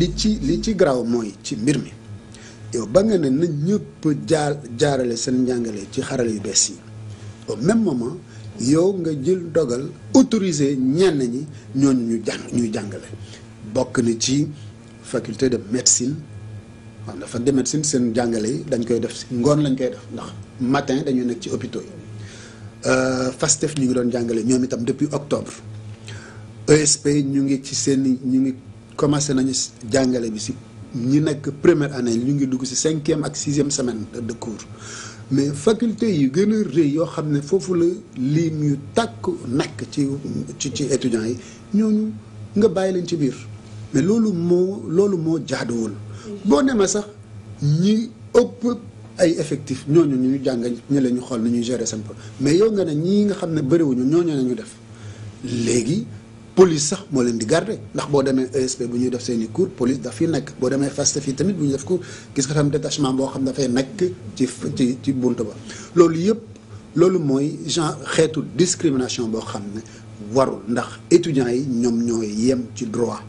li ci li ci garaaw mooy ci mbir mi yow ba nga ne na ñëpp jaar jaarale seen njàngale ci xarale yu bees yi au même moment yow nga jël dogal autorisé ñenn ñi ñooñu ñu jàng ñuy jàngale bokk na ci faculté de médecine waaw la faculté de médecine seen jàngale yi dañ koy def si ngoon lañ koy def ndax matin dañuy nekk ci hôpitaux yi euh, FASTEF ñu ngi doon jàngale ñoom itam depuis octobre ESP ñu ngi ci seen ñu ngi commencé nañu jàngale bi si ñi nekk première année ñu ngi dugg si cinquième ak sixième semaine de cours mais faculté yi gën a rëy yoo xam ne foofu la lii ñu tàkk nakk ci ci ci étudiants yi ñooñu nga bàyyi leen ci biir mais loolu moo loolu moo jaaduwul boo demee sax ñi ëpp ay effectif ñooñu ñu jàng ñi la ñu xool ni ñuy gérer seen mais yow nga ne ñii nga xam ne bëriwuñu ñooñu nañu def léegi police sax moo leen di garder ndax boo demee ESP bu ñuy def seeni i cours police daf fi nekk boo demee FASTEF fii tamit bu ñu def cours gis nga tam détachement boo xam dafay nekk ci ci ci bunt ba loolu yëpp loolu mooy genre xeetu discrimination boo xam ne warul ndax étudiants yi ñoom ñooy yem ci droit